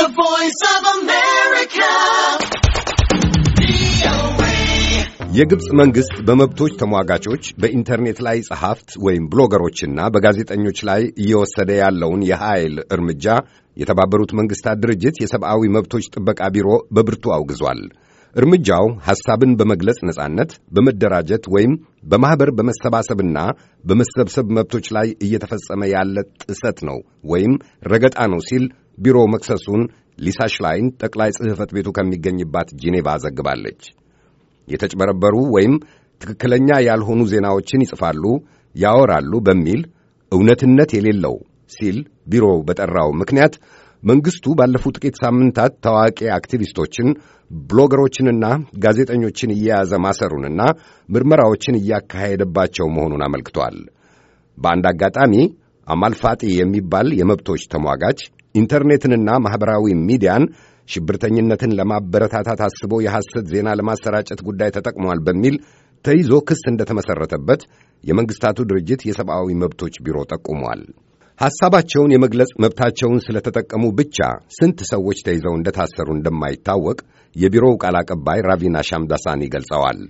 The Voice of America. የግብፅ መንግሥት በመብቶች ተሟጋቾች በኢንተርኔት ላይ ጸሐፍት ወይም ብሎገሮችና በጋዜጠኞች ላይ እየወሰደ ያለውን የኃይል እርምጃ የተባበሩት መንግሥታት ድርጅት የሰብአዊ መብቶች ጥበቃ ቢሮ በብርቱ አውግዟል። እርምጃው ሐሳብን በመግለጽ ነጻነት፣ በመደራጀት ወይም በማኅበር በመሰባሰብና በመሰብሰብ መብቶች ላይ እየተፈጸመ ያለ ጥሰት ነው ወይም ረገጣ ነው ሲል ቢሮ መክሰሱን ሊሳ ሽላይን ጠቅላይ ጽሕፈት ቤቱ ከሚገኝባት ጂኔቫ ዘግባለች። የተጭበረበሩ ወይም ትክክለኛ ያልሆኑ ዜናዎችን ይጽፋሉ፣ ያወራሉ በሚል እውነትነት የሌለው ሲል ቢሮው በጠራው ምክንያት መንግሥቱ ባለፉት ጥቂት ሳምንታት ታዋቂ አክቲቪስቶችን፣ ብሎገሮችንና ጋዜጠኞችን እየያዘ ማሰሩንና ምርመራዎችን እያካሄደባቸው መሆኑን አመልክቷል። በአንድ አጋጣሚ አማልፋጢ የሚባል የመብቶች ተሟጋች ኢንተርኔትንና ማኅበራዊ ሚዲያን ሽብርተኝነትን ለማበረታታት አስቦ የሐሰት ዜና ለማሰራጨት ጉዳይ ተጠቅሟል በሚል ተይዞ ክስ ተመሠረተበት የመንግሥታቱ ድርጅት የሰብአዊ መብቶች ቢሮ ጠቁሟል። ሐሳባቸውን የመግለጽ መብታቸውን ስለተጠቀሙ ብቻ ስንት ሰዎች ተይዘው እንደታሰሩ እንደማይታወቅ የቢሮው ቃል አቀባይ ራቪና ሻምዳሳኒ ገልጸዋል።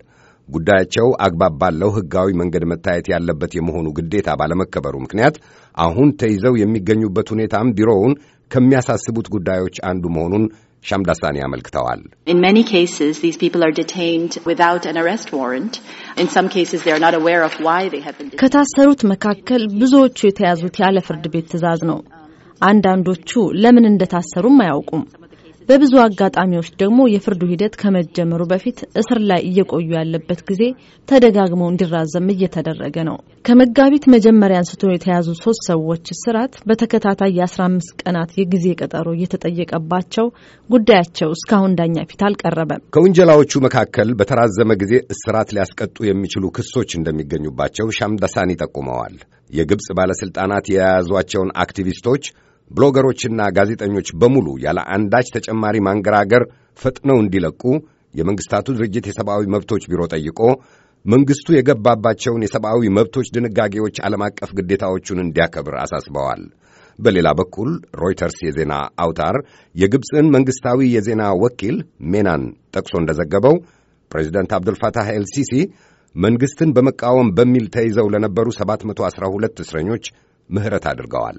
ጉዳያቸው አግባብ ባለው ሕጋዊ መንገድ መታየት ያለበት የመሆኑ ግዴታ ባለመከበሩ ምክንያት አሁን ተይዘው የሚገኙበት ሁኔታም ቢሮውን ከሚያሳስቡት ጉዳዮች አንዱ መሆኑን ሻምዳሳኒ አመልክተዋል። ከታሰሩት መካከል ብዙዎቹ የተያዙት ያለ ፍርድ ቤት ትዕዛዝ ነው። አንዳንዶቹ ለምን እንደታሰሩም አያውቁም። በብዙ አጋጣሚዎች ደግሞ የፍርዱ ሂደት ከመጀመሩ በፊት እስር ላይ እየቆዩ ያለበት ጊዜ ተደጋግመው እንዲራዘም እየተደረገ ነው። ከመጋቢት መጀመሪያ አንስቶ የተያዙ ሶስት ሰዎች እስራት በተከታታይ የ15 ቀናት የጊዜ ቀጠሮ እየተጠየቀባቸው ጉዳያቸው እስካሁን ዳኛ ፊት አልቀረበም። ከውንጀላዎቹ መካከል በተራዘመ ጊዜ እስራት ሊያስቀጡ የሚችሉ ክሶች እንደሚገኙባቸው ሻምዳሳኒ ጠቁመዋል። የግብፅ ባለሥልጣናት የያዟቸውን አክቲቪስቶች ብሎገሮችና ጋዜጠኞች በሙሉ ያለ አንዳች ተጨማሪ ማንገራገር ፈጥነው እንዲለቁ የመንግሥታቱ ድርጅት የሰብአዊ መብቶች ቢሮ ጠይቆ መንግሥቱ የገባባቸውን የሰብአዊ መብቶች ድንጋጌዎች ዓለም አቀፍ ግዴታዎቹን እንዲያከብር አሳስበዋል። በሌላ በኩል ሮይተርስ የዜና አውታር የግብፅን መንግሥታዊ የዜና ወኪል ሜናን ጠቅሶ እንደዘገበው ፕሬዚደንት አብዱልፋታህ ኤልሲሲ መንግሥትን በመቃወም በሚል ተይዘው ለነበሩ 712 እስረኞች ምህረት አድርገዋል።